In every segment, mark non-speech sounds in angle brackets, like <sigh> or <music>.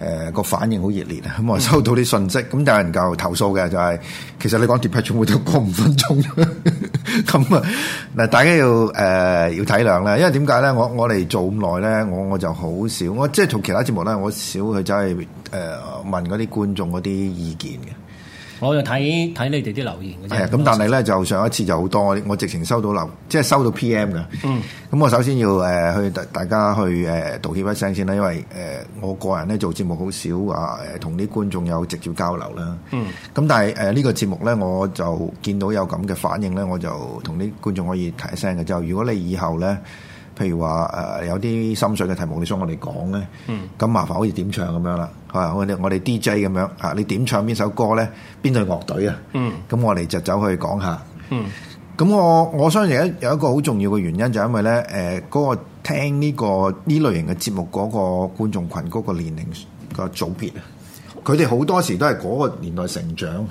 誒個、呃、反應好熱烈啊！咁啊收到啲信息，咁、嗯、有人教投訴嘅就係、是，其實你講疊批全部都過五分鐘，咁啊嗱，大家要誒、呃、要體諒啦，因為點解咧？我我嚟做咁耐咧，我我，我就好少，我即係做其他節目咧，我少去走去誒問嗰啲觀眾嗰啲意見嘅。我就睇睇你哋啲留言嘅啫。係，咁但係咧就上一次就好多，我，我直情收到留，即係收到 PM 嘅。嗯。咁我首先要誒去大大家去誒、呃、道歉一聲先啦，因為誒、呃、我個人咧做節目好少話誒同啲觀眾有直接交流啦。嗯。咁但係誒呢個節目咧，我就見到有咁嘅反應咧，我就同啲觀眾可以提一聲嘅，就如果你以後咧。譬如話誒有啲心水嘅題目你想我哋講咧，咁麻煩好似點唱咁樣啦，嚇我哋我哋 DJ 咁樣嚇你點唱邊首歌咧？邊隊樂隊啊？咁、嗯、我哋就走去講下。咁、嗯、我我相信有一個好重要嘅原因就係因為咧誒嗰個聽呢個呢類型嘅節目嗰個觀眾群嗰個年齡個組別啊，佢哋好多時都係嗰個年代成長。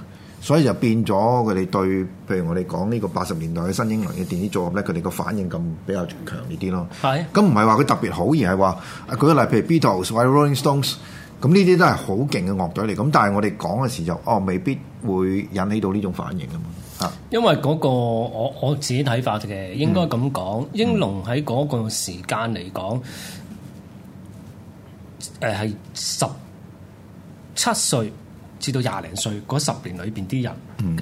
所以就變咗佢哋對，譬如我哋講呢個八十年代嘅新英倫嘅電子組合咧，佢哋個反應咁比較強烈啲咯。係。咁唔係話佢特別好，而係話，舉個例，譬如 Beatles、or Rolling Stones，咁呢啲都係好勁嘅樂隊嚟。咁但係我哋講嘅時就哦，未必會引起到呢種反應嘅嘛。嚇。因為嗰、嗰個我我自己睇法嘅，應該咁講，嗯、英龍喺嗰個時間嚟講，誒係十七歲。至到廿零歲嗰十年裏邊啲人，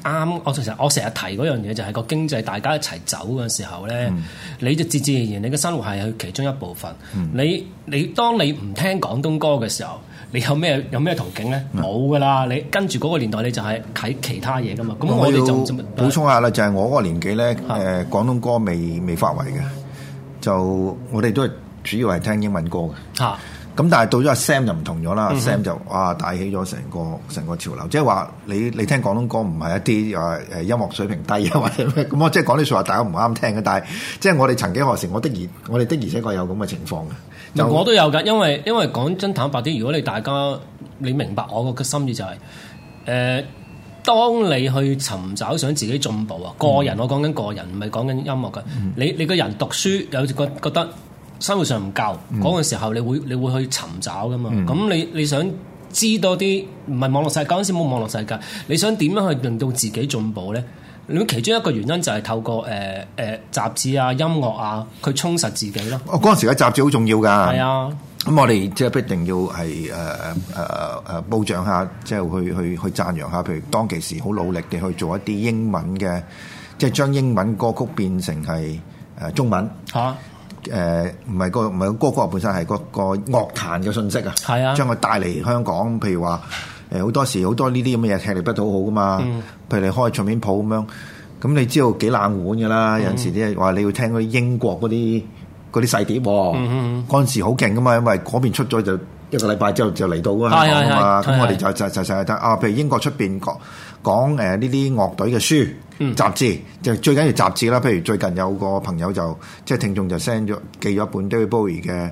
啱、嗯、我成日我成日提嗰樣嘢就係、是、個經濟大家一齊走嘅時候咧，嗯、你就自自然然你嘅生活係其中一部分。嗯、你你當你唔聽廣東歌嘅時候，你有咩有咩途徑咧？冇噶啦！你跟住嗰個年代你就係睇其他嘢噶嘛。咁我哋就補充下啦，就係、是、我嗰個年紀咧，誒廣東歌未未發圍嘅，就我哋都係主要係聽英文歌嘅。啊啊咁但係到咗阿 Sam 就唔同咗啦、嗯、哼，Sam 就哇帶、啊、起咗成個成個潮流，即係話你你聽廣東歌唔係一啲又係音樂水平低啊，或者咩，咁我即係講啲説話大家唔啱聽嘅，但係即係我哋曾幾何時，我的而我哋的而且確有咁嘅情況嘅。我都有嘅，因為因為講真坦白啲，如果你大家你明白我個心意就係、是、誒、呃，當你去尋找想自己進步啊，個人、嗯、哼我講緊個人，唔係講緊音樂嘅、嗯哼。你你個人讀書有時覺覺得。生活上唔夠嗰個時候，你會你會去尋找㗎嘛？咁、嗯、你你想知多啲？唔係網絡世界嗰陣時冇網絡世界，你想點樣去令到自己進步咧？咁其中一個原因就係透過誒誒、呃呃、雜誌啊、音樂啊，去充實自己咯。哦，嗰陣時嘅雜誌好重要㗎。係啊，咁我哋即係必定要係誒誒誒誒褒獎下，即、就、係、是、去去去，去讚揚下。譬如當其時好努力地去做一啲英文嘅，即係將英文歌曲變成係誒中文嚇。啊誒唔係個唔係歌歌本身係、個、個樂壇嘅信息啊，是啊將佢帶嚟香港。譬如話誒，好、呃、多時多好多呢啲咁嘅嘢，吃力不討好噶嘛。嗯、譬如你開唱片鋪咁樣，咁、嗯嗯、你知道幾冷門噶啦。有陣時啲話你要聽啲英國嗰啲啲細碟、哦，嗰陣、嗯哼嗯、時好勁噶嘛。因為嗰邊出咗就一個禮拜之後就嚟到啊，香港啊嘛。咁我哋就就就就，就，就啊，譬如英國出邊。講誒呢啲樂隊嘅書、雜誌，就最緊要雜誌啦。譬如最近有個朋友就即係聽眾就 send 咗寄咗一本 David Bowie 嘅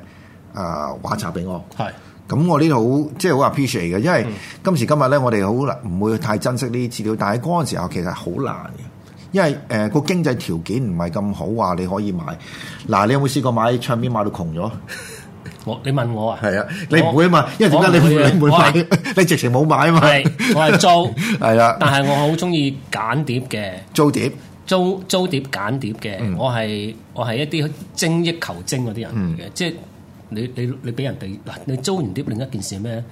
誒畫冊、呃、俾我。係是，咁我呢度好即係、就、好、是、appreciate 嘅，因為今時今日咧，我哋好難唔會太珍惜呢啲資料。但係嗰陣時候其實好難嘅，因為誒個、呃、經濟條件唔係咁好話，你可以買。嗱，你有冇試過買唱片買到窮咗？ <laughs> 我你問我啊？係啊，你唔會，我會，會啊嘛？因為點解你唔會唔會買？是 <laughs> 你直情冇買啊嘛？係，我係租。係 <laughs> 是啊但，但係我好中意揀碟嘅。租碟，租租碟揀碟嘅，我係我係一啲精益求精嗰啲人嘅。嗯、即係你你你俾人哋嗱，你租完碟，另一件事係咩？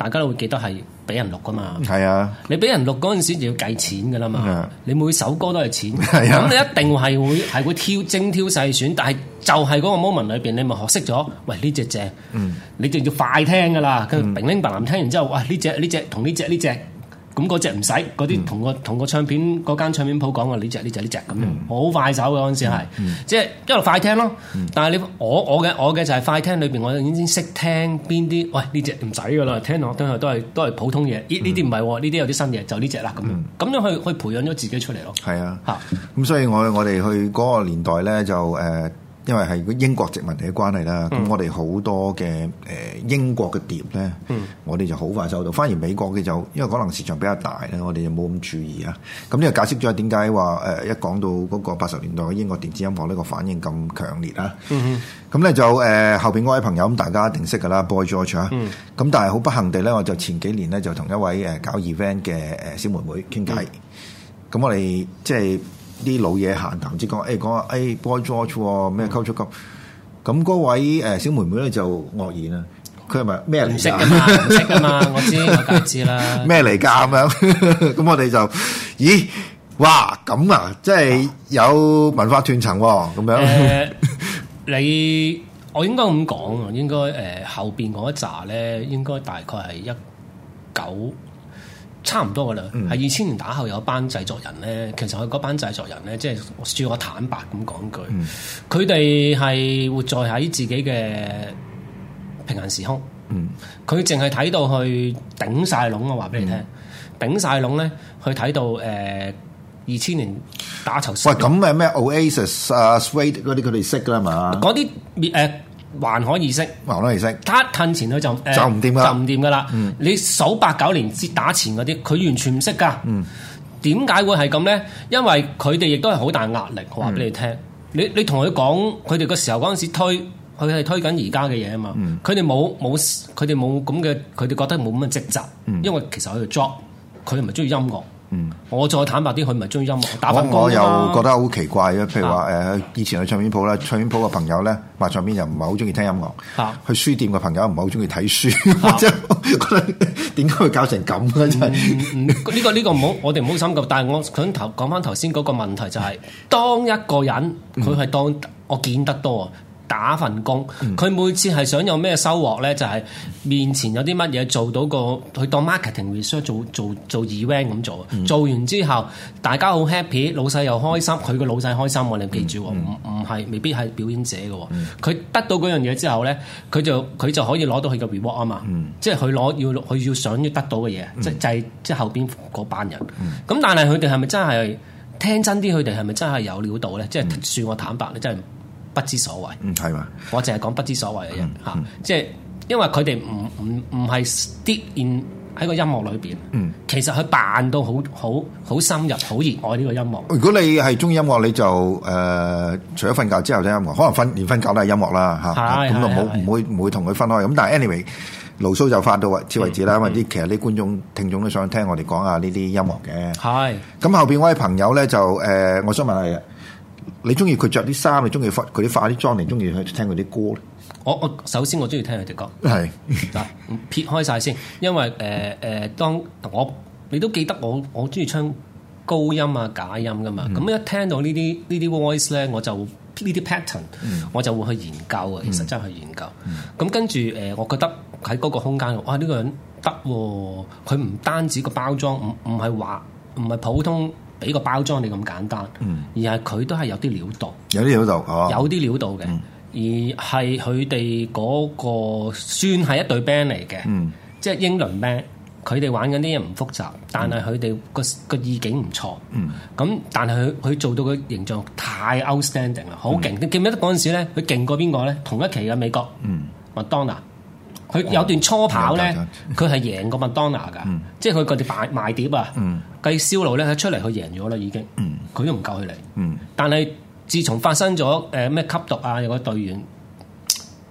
大家都會記得係俾人錄㗎嘛，係是啊，你俾人錄嗰陣時就要計錢㗎啦嘛，是啊、你每首歌都係錢，咁是、啊、你一定係會係會挑精挑細選，但係就係嗰個 moment 裏邊，你咪學識咗，喂呢隻正，隻隻嗯、你就要快聽㗎啦，佢零零白藍聽完之後，哇呢隻呢隻同呢隻呢隻。咁嗰隻唔使，嗰啲同個同個唱片嗰間唱片鋪講話，呢隻呢隻呢隻咁樣，好、嗯、快手嘅嗰陣時係，即係一路快聽咯。但係你我我嘅我嘅就係快聽裏邊，我已經識聽邊啲。喂呢隻唔使㗎啦，聽落聽落都係都係普通嘢。咦呢啲唔係喎，呢啲有啲新嘢，就呢隻啦咁。咁、嗯、樣去去培養咗自己出嚟咯。係啊，嚇咁、啊、所以我我哋去嗰個年代咧就誒。呃因為係個英國殖民地嘅關係啦，咁、嗯、我哋好多嘅誒、呃、英國嘅碟咧，嗯、我哋就好快收到。反而美國嘅就，因為可能市場比較大咧，我哋就冇咁注意啊。咁呢、呃、個解釋咗點解話誒一講到嗰個八十年代嘅英國電子音樂呢個反應咁強烈啊。咁咧、嗯嗯、就誒、呃、後邊嗰位朋友咁大家一定識㗎喇，Boy George 啊。咁、嗯、但係好不幸地咧，我就前幾年咧就同一位誒搞 event 嘅誒小妹妹傾偈。咁、嗯、我哋即係。啲老嘢閒談，即、哎、講，誒講，誒、哎、Boy George，咩 Culture Club，咁嗰位誒小妹妹咧就愕然啦，佢係咪咩嚟？唔識啊嘛，唔識啊嘛， <laughs> 我知，我梗係知啦。咩嚟㗎？咁樣，咁 <laughs> 我哋就，咦，哇，咁啊，即係有文化斷層喎、哦，咁、啊、樣、呃。你，我應該咁講啊，應該誒、呃、後邊嗰一紮咧，應該大概係一九。差唔多噶啦，係二千年打後有一班製作人咧，其實佢嗰班製作人咧，即係恕我坦白咁講句，佢哋係活在喺自己嘅平行時空，佢淨係睇到去頂晒籠啊！話俾你聽，嗯、頂晒籠咧，去睇到誒二千年打頭。喂，咁誒咩 Oasis 啊、uh,，Suede 嗰啲佢哋識噶啦嘛？嗰啲誒。呃還可以識，還可以識，一褪錢佢就、呃、就唔掂啦，就唔掂噶啦。嗯、你數八九年接打錢嗰啲，佢完全唔識噶。點解、嗯、會係咁咧？因為佢哋亦都係好大壓力，我話俾你聽、嗯。你你同佢講，佢哋嗰時候嗰陣時推，佢係推緊而家嘅嘢啊嘛。佢哋冇冇，佢哋冇咁嘅，佢哋覺得冇咁嘅職責。嗯、因為其實佢嘅 job，佢唔係中意音樂。嗯，mm. 我再坦白啲，佢唔係中意音樂，打份工，我又覺得好奇怪啊，譬如話誒、呃，以前去唱片鋪咧，唱片鋪個朋友咧賣唱片又唔係好中意聽音樂。吓，mm. 去書店個朋友唔係好中意睇書。咁即係點解會搞成咁嘅？真呢、mm. <laughs> 這個呢、這個唔好，我哋唔好心急。但係我想頭講翻頭先嗰個問題就係、是，當一個人佢係當、mm. 我見得多。打份工，佢每次係想有咩收穫咧，就係、是、面前有啲乜嘢做到個，佢當 marketing research 做做做 event 咁做，嗯、做完之後大家好 happy，老細又開心，佢個老細開心，你哋記住，唔唔係未必係表演者嘅，佢、嗯、得到嗰樣嘢之後咧，佢就佢就可以攞到佢嘅 reward 啊嘛、嗯，即係佢攞要佢要想要得到嘅嘢，即、嗯、就係、是、即、就是、後邊嗰班人。咁、嗯、但係佢哋係咪真係聽真啲？佢哋係咪真係有料到咧？即係、嗯、算我坦白咧，真係。真不知所謂，嗯係嘛，我淨係講不知所謂嘅人吓，即係因為佢哋唔唔唔係啲變喺個音樂裏邊，嗯，其實佢扮到好好好深入，好熱愛呢個音樂。如果你係鍾意音樂，你就誒，除咗瞓覺之後聽音樂，可能瞓連瞓覺都係音樂啦吓，咁就冇唔會唔會同佢分開。咁但係 anyway，牢騷就發到此為止啦。因為啲其實啲觀眾聽眾都想聽我哋講下呢啲音樂嘅。係，咁後邊我位朋友咧就誒，我想問下你中意佢着啲衫，你中意佢啲化啲妝，你中意去聽佢啲歌咧？我我首先我中意聽佢啲歌，係嗱撇開晒先，因為誒誒、呃呃，當我你都記得我我中意唱高音啊假音噶嘛，咁、嗯、一聽到呢啲呢啲 voice 咧，我就呢啲 pattern，、嗯、我就會去研究啊，其實真係去研究。咁、嗯嗯、跟住誒，我覺得喺嗰個空間度，哇呢、呢個人得、啊，佢唔單止個包裝，唔唔係話唔係普通，俾個包裝你咁簡單，嗯、而係佢都係有啲料到，有啲料到哦，啊、有啲料到嘅，嗯、而係佢哋嗰個算係一隊 band 嚟嘅，嗯、即係英倫 band。佢哋玩緊啲嘢唔複雜，嗯、但係佢哋個個意境唔錯。咁、嗯、但係佢佢做到嘅形象太 outstanding 啦，好勁！你、嗯、記唔記得嗰陣時咧？佢勁過邊個咧？同一期嘅美國，嗯，麥當娜。佢有段初跑咧，佢係贏過麥當娜噶，嗯、即係佢佢哋賣賣碟啊，計銷、嗯、路咧，出嚟佢贏咗啦已經，佢都唔夠佢嚟。嗯、但係自從發生咗誒咩吸毒啊，有個隊員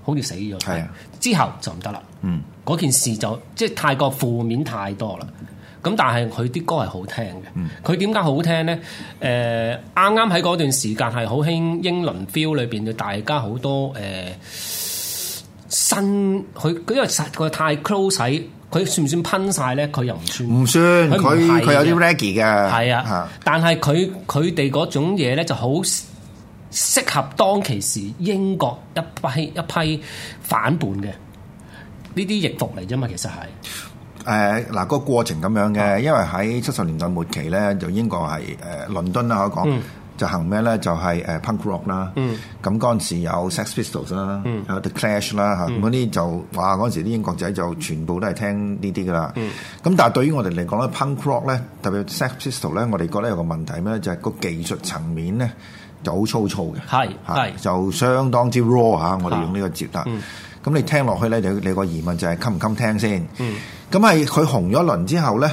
好似死咗，啊、之後就唔得啦。嗰、嗯、件事就即係太過負面太多啦。咁但係佢啲歌係好聽嘅，佢點解好聽咧？誒、呃，啱啱喺嗰段時間係好興英倫 feel 裏邊，嘅大家好多誒。呃新佢因為實在太 close 佢算唔算噴晒咧？佢又唔算，唔算佢佢它有啲 reggae 嘅。係啊的，的但係佢佢哋嗰種嘢咧就好適合當其時英國一批一批反叛嘅呢啲易服嚟啫嘛，其實係誒嗱個過程咁樣嘅，嗯、因為喺七十年代末期咧，就英國係誒倫敦啦，我講。就行咩咧？就係誒 punk rock 啦，咁嗰陣時有 Sex Pistols 啦，有 The Clash 啦，嚇，嗰啲就哇，嗰陣時啲英國仔就全部都係聽呢啲噶啦。咁但係對於我哋嚟講咧，punk rock 咧，特別 Sex Pistols 咧，我哋覺得有個問題咩咧？就係個技術層面咧，就好粗糙嘅，係係，就相當之 raw 嚇。我哋用呢個接達。咁你聽落去咧，你你個疑問就係襟唔襟聽先？咁係佢紅咗一輪之後咧。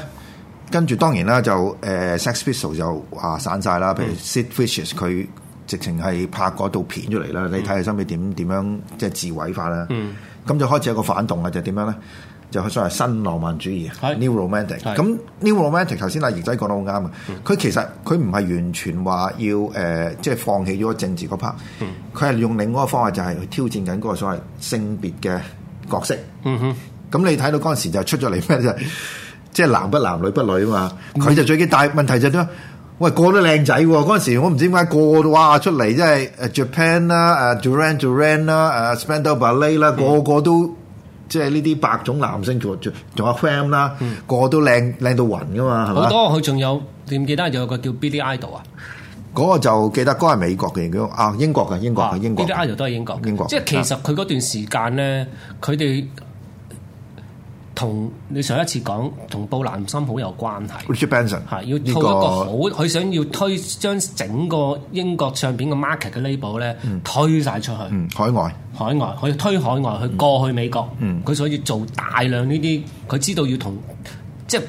跟住當然啦，就誒 Sex Pistols 就話散晒啦。譬如 Sid Vicious，佢直情係拍嗰套片出嚟啦。你睇下相比點點樣，即係自毀法啦。咁、嗯、就開始有個反動啊，就點樣咧？就係所謂新浪漫主義是，new romantic 是。咁 new romantic 頭先阿翼仔講得好啱啊。佢其實佢唔係完全話要誒、呃，即係放棄咗政治嗰 part。佢係用另外一個方法，就係、是、去挑戰緊嗰個所謂性別嘅角色。咁你睇到嗰陣時就出咗嚟咩啫？麼 <laughs> 即係男不男，女不女啊嘛！佢就最大，但係問題就係點啊？喂，個個都靚仔喎！嗰陣時我唔知點解個個都哇出嚟，即係誒 Japan 啦、誒 Duran Duran 啦、誒 Spandau Ballet 啦，個個都即係呢啲白種男星，仲仲仲有 Fan 啦，個個都靚靚到暈噶嘛，係嘛？好多，佢仲有記唔記得有個叫 Billy Idol 啊？嗰個就記得，嗰個係美國嘅，叫啊英國嘅，英國嘅英國。Billy Idol 都係英國，英國。即係其實佢嗰段時間咧，佢哋。同你上一次講，同布蘭森好有關係。哈 Richard Benson,，要套一個好，佢這個 想要推將整個英國唱片嘅 market 嘅 label 咧，嗯，推晒出去，嗯。海外，海外，佢推海外去，嗯，過去美國。嗯，佢所以做大量呢啲，佢知道要同即係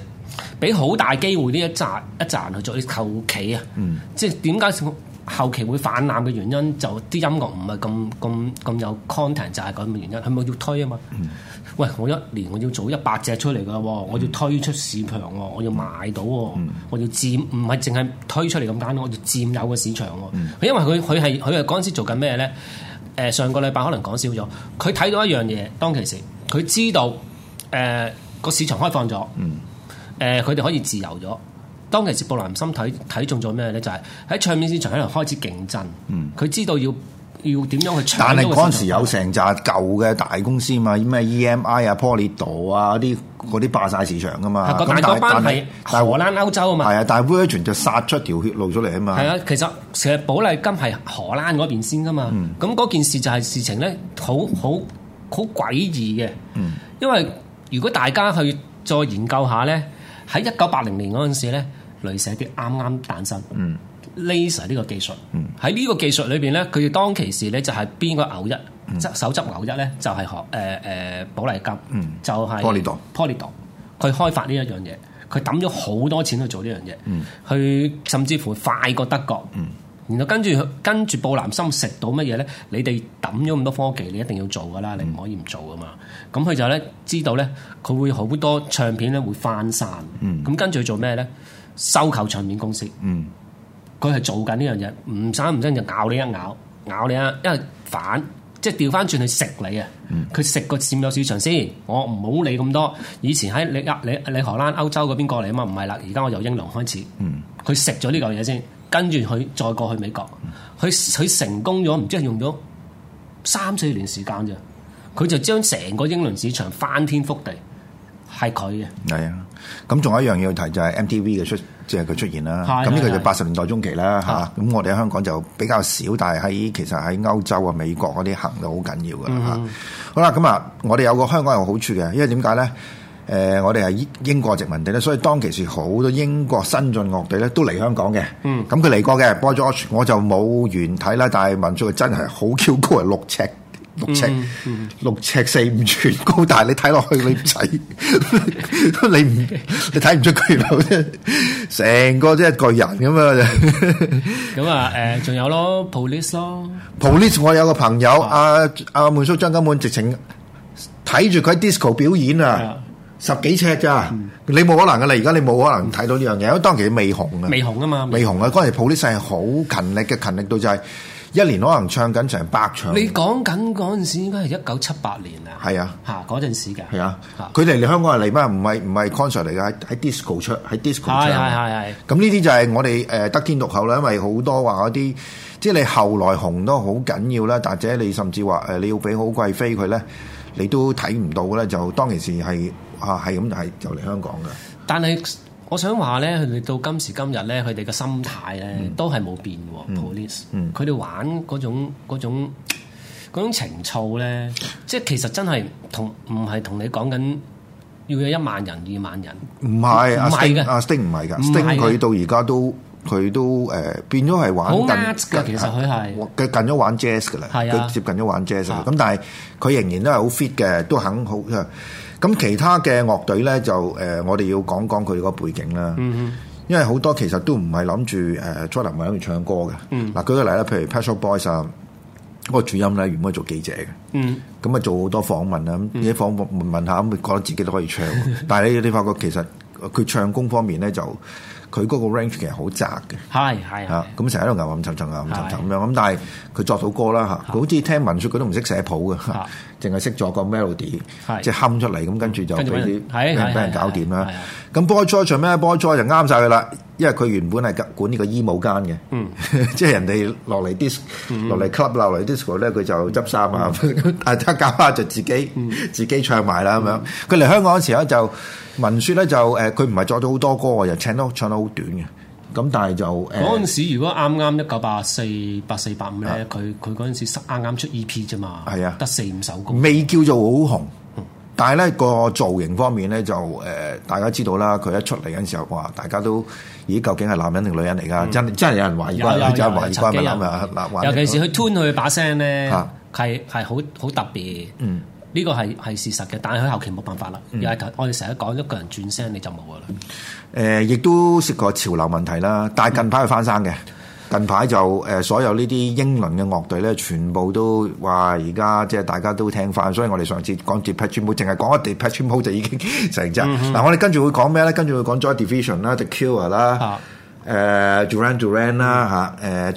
俾好大機會呢一站一站去做啲求企啊。嗯，即係點解？後期會泛濫嘅原因就啲音樂唔係咁咁咁有 content，就係咁嘅原因。佢咪要推啊嘛。嗯、喂，我一年我要做一百隻出嚟㗎，我要推出市場喎，我要買到喎，我要佔唔係淨係推出嚟咁簡單，我要佔有個市場喎。嗯、因為佢佢係佢係嗰陣時做緊咩呢？誒、呃、上個禮拜可能講少咗，佢睇到一樣嘢，當其時佢知道誒個、呃、市場開放咗，誒佢哋可以自由咗。當其時，布蘭森睇睇中咗咩咧？就係、是、喺唱片市場喺度開始競爭。嗯，佢知道要要點樣去唱。但係嗰陣時有成紮舊嘅大公司啊嘛，咩 EMI 啊、Polydor 啊啲嗰啲霸晒市場噶嘛。但係荷蘭歐洲啊嘛。係啊，但係 Virgin 就殺出條血路出嚟啊嘛。係、嗯、啊，其實其實寶麗金係荷蘭嗰邊先噶嘛。咁嗰、嗯、件事就係事情咧，好好好詭異嘅、嗯。因為如果大家去再研究下咧，喺一九八零年嗰陣時咧。鐳射啲啱啱誕生，laser 呢個技術喺呢個技術裏邊咧，佢當其時咧就係邊個牛一執手執牛一咧，就係學誒誒寶麗金，就係 Polydor，Polydor，佢開發呢一樣嘢，佢抌咗好多錢去做呢樣嘢，嗯，佢甚至乎快過德國，嗯，然後跟住跟住布蘭森食到乜嘢咧？你哋抌咗咁多科技，你一定要做噶啦，你唔可以唔做噶嘛？咁佢就咧知道咧，佢會好多唱片咧會翻山。嗯，咁跟住做咩咧？收購唱片公司，佢係、嗯、做緊呢樣嘢，唔省唔省就咬你一咬，咬你啊！因為反，即係調翻轉去食你啊！佢食個佔有市場先，我唔好理咁多。以前喺你厄你你，你荷蘭歐洲嗰邊過嚟啊嘛，唔係啦，而家我由英倫開始，佢食咗呢嚿嘢先，跟住佢再過去美國，佢佢成功咗，唔知係用咗三四年時間啫，佢就將成個英倫市場翻天覆地。係佢嘅，係啊，咁仲有一樣嘢要提就係 MTV 嘅出，即係佢出現啦。咁呢個就八十年代中期啦，吓咁的我哋喺香港就比較少，但係喺其實喺歐洲啊、美國嗰啲行到好緊要噶啦吓。好啦，咁啊，我哋有個香港有好處嘅，因為點解咧？誒、呃，我哋係英國殖民地咧，所以當其時好多英國新晉樂隊咧都嚟香港嘅。嗯，咁佢嚟過嘅 Boy George 我就冇原睇啦，但係民族佢真係好 Q 高，係六尺。六尺，六尺四五寸高，但係你睇落去你唔使，你唔你睇唔 <laughs> 出佢啫，成個即係巨人咁啊！咁 <laughs> 啊、嗯，誒、嗯，仲有咯，police 咯，police，我有個朋友阿阿梅叔張金滿直情睇住佢 disco 表演啊，十幾尺咋，嗯、你冇可能噶啦，而家你冇可能睇到呢樣嘢，因為當其未紅啊，未紅啊嘛，未紅啊，嗰陣時 police 係好勤力嘅，勤力到就係、是。一年可能唱緊成百場，你講緊嗰陣時應該係一九七八年啊，係啊，嚇嗰陣時㗎，啊，佢哋嚟香港係嚟乜？唔係唔係 concert 嚟㗎，喺 disco 出，喺 disco 出。係係係，咁呢啲就係我哋誒得天獨厚啦，因為好多話嗰啲，即係你後來紅都好緊要啦，或者你甚至話誒你要俾好貴飛佢咧，你都睇唔到嘅咧，就當其時係啊係咁就係就嚟香港嘅，但係。我想話咧，佢哋到今時今日咧，佢哋嘅心態咧、嗯、都係冇變喎。Police，佢哋玩嗰種嗰種嗰種情操咧，即係其實真係同唔係同你講緊要有一萬人二萬人。唔係啊，唔係嘅，阿 Sting，唔係嘅，Sting 佢到而家都。佢都誒、呃、變咗係玩好近其實佢係佢近咗玩 jazz 噶啦，佢、啊、接近咗玩 jazz。咁是、啊、但係佢仍然都係好 fit 嘅，都肯好咁、啊、其他嘅樂隊咧就誒、呃，我哋要講講佢個背景啦。嗯、哼 因為好多其實都唔係諗住誒，Jolin 唔係諗住唱歌嘅。嗱、嗯啊、舉個例啦，譬如 Pet Shop Boys 啊，嗰個主音咧，原本係做記者嘅，咁啊、嗯嗯、做好多訪問啦，咁啲、嗯、訪問下，咁佢覺得自己都可以唱。 <laughs> 但係你你發覺其實佢唱功方面咧就。就佢嗰個 range 其實好窄嘅，係係嚇，咁成日喺度吟吟沉沉吟吟沉沉咁樣，咁但係佢作到歌啦嚇，佢好似聽聞説佢都唔識寫譜嘅，淨係識作個 melody，即係哼出嚟，咁跟住就俾俾人搞掂啦。咁 Boy George 咩 Boy George 就啱晒佢啦。因為佢原本係管呢個衣帽間嘅，即係人哋落嚟 dis，落嚟 club 落嚟 disco 咧，佢就執衫啊，大家搞下就自己、嗯、自己唱埋啦咁樣。佢嚟、嗯嗯、香港嘅時候就文説咧就誒，佢唔係作咗好多歌，又唱得唱得好短嘅。咁但係就嗰陣、呃、時如果啱啱一九八四八四八五咧，佢佢嗰陣時啱啱出 EP 啫嘛，係啊，得四五首歌，未叫做好紅。但係咧，個造型方面咧，就誒，大家知道啦，佢一出嚟嗰陣時候話，大家都咦究竟係男人定女人嚟㗎，嗯？真真係有人懷疑，真係懷疑關唔關尤其是佢 turn 佢把聲咧，係係好好特別。嗯，呢個係係事實嘅，但係佢後期冇辦法啦，又係、嗯、我哋成日講一個人轉聲你就冇啦。誒、嗯，亦、呃、都涉過潮流問題啦，但係近排佢翻生嘅。嗯近排就誒、呃、所有呢啲英倫嘅樂隊咧，全部都話而家即係大家都聽翻，所以我哋上次講 Depeche Mode 淨係講一 Depeche Mode 就已經成紮。嗱、嗯哼，我哋跟住會講咩咧？跟住會講 Joy、啊 Division 啦、呃、The Cure 啦、誒 Duran Duran 啦嚇、誒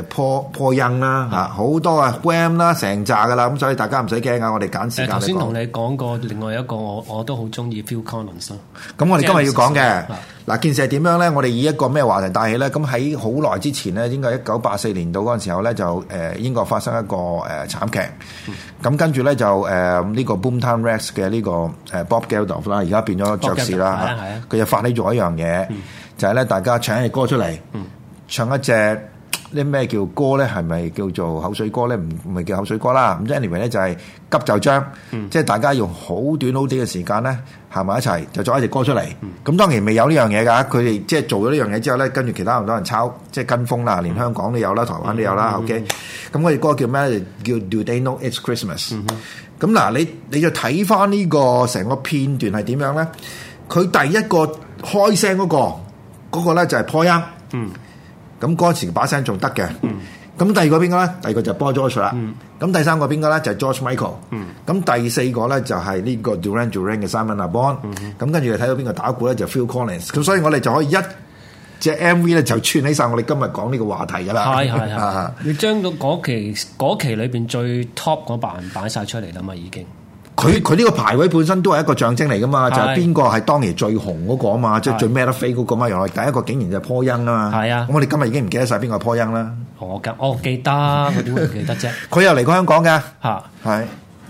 誒 P p o 啦嚇，好、啊啊啊、多啊 Wham 啦，成紮噶啦。咁、啊啊啊啊、所以大家唔使驚啊，我哋揀時間。頭先同你講過另外一個我，我都 <laughs> 我都好中意 Phil Collins 咁我哋今日要講嘅。嗱，件事係點樣咧？我哋以一個咩話題帶起咧？咁喺好耐之前咧，應該一九八四年度嗰陣時候咧，就誒、呃、英國發生一個誒、呃、慘劇，咁、嗯、跟住咧就誒呢、呃這個 Boomtown Rats 嘅呢、這個誒、啊、Bob Geldof 啦，而家變咗爵士啦嚇，佢就發起咗一樣嘢，嗯、就係咧大家唱一隻歌出嚟，嗯、唱一隻。啲咩叫歌咧？係咪叫做口水歌咧？唔唔係叫口水歌啦。咁 anyway 咧，就係急就章，mm hmm. 即係大家用好短好短嘅時間咧，行埋一齊就作一隻歌出嚟。咁、mm hmm. 當然未有呢樣嘢㗎。佢哋即係做咗呢樣嘢之後咧，跟住其他咁多人抄，即係跟風啦。連香港都有啦，台灣都有啦。Mm hmm. OK，咁嗰隻歌叫咩？叫 Do They Know It's Christmas？咁嗱、mm hmm.，你你就睇翻呢個成個片段係點樣咧？佢第一個開聲嗰、那個嗰、那個咧就係 Paul Young。嗯、mm。Hmm. 咁嗰時把聲仲得嘅，咁、嗯、第二個邊個咧？第二個就 Boy George 啦，咁第三個邊個咧？就 George Michael，咁第四個咧就係呢個 Duran Duran 嘅 Simon Le Bon 咁跟住睇到邊個打鼓咧、嗯？就 Phil Collins，咁所以我哋就可以一隻 MV 咧就串起晒我哋今日講呢個話題噶啦，係係係， <laughs> 你將到嗰期嗰期裏邊最 top 嗰班人擺曬出嚟啦嘛已經。 <music> <music> 佢佢呢個排位本身都係一個象徵嚟噶嘛，是的 就係邊個係當年最紅嗰個啊嘛，即係最孭得飛嗰個嘛。原是的 來第一個竟然就係 Paul Young 啊嘛。係啊，我哋今日已經唔記得曬邊個係 Paul Young 啦。我、哦、嘅，我記得，我點會唔記得啫？佢又嚟過香港嘅嚇係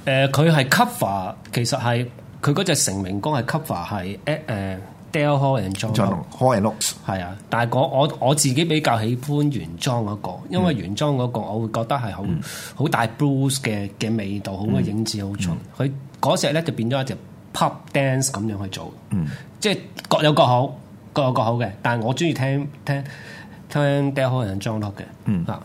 誒，佢係的的、呃、cover，其實係佢嗰隻成名歌係 cover 係誒誒。啊呃 Del 和 And j o n e And j o n k s 係啊，但係我我自己比較喜歡原裝嗰、那個，嗯、因為原裝嗰個我會覺得係好好大 b r u e s 嘅嘅、嗯、味道，好嘅影子好重。佢嗰隻咧就變咗一條 pop dance 咁樣去做，即係、嗯、各有各好，各有各好嘅。但係我中意聽聽聽 Del 和 And Jones 嘅，嗯啊。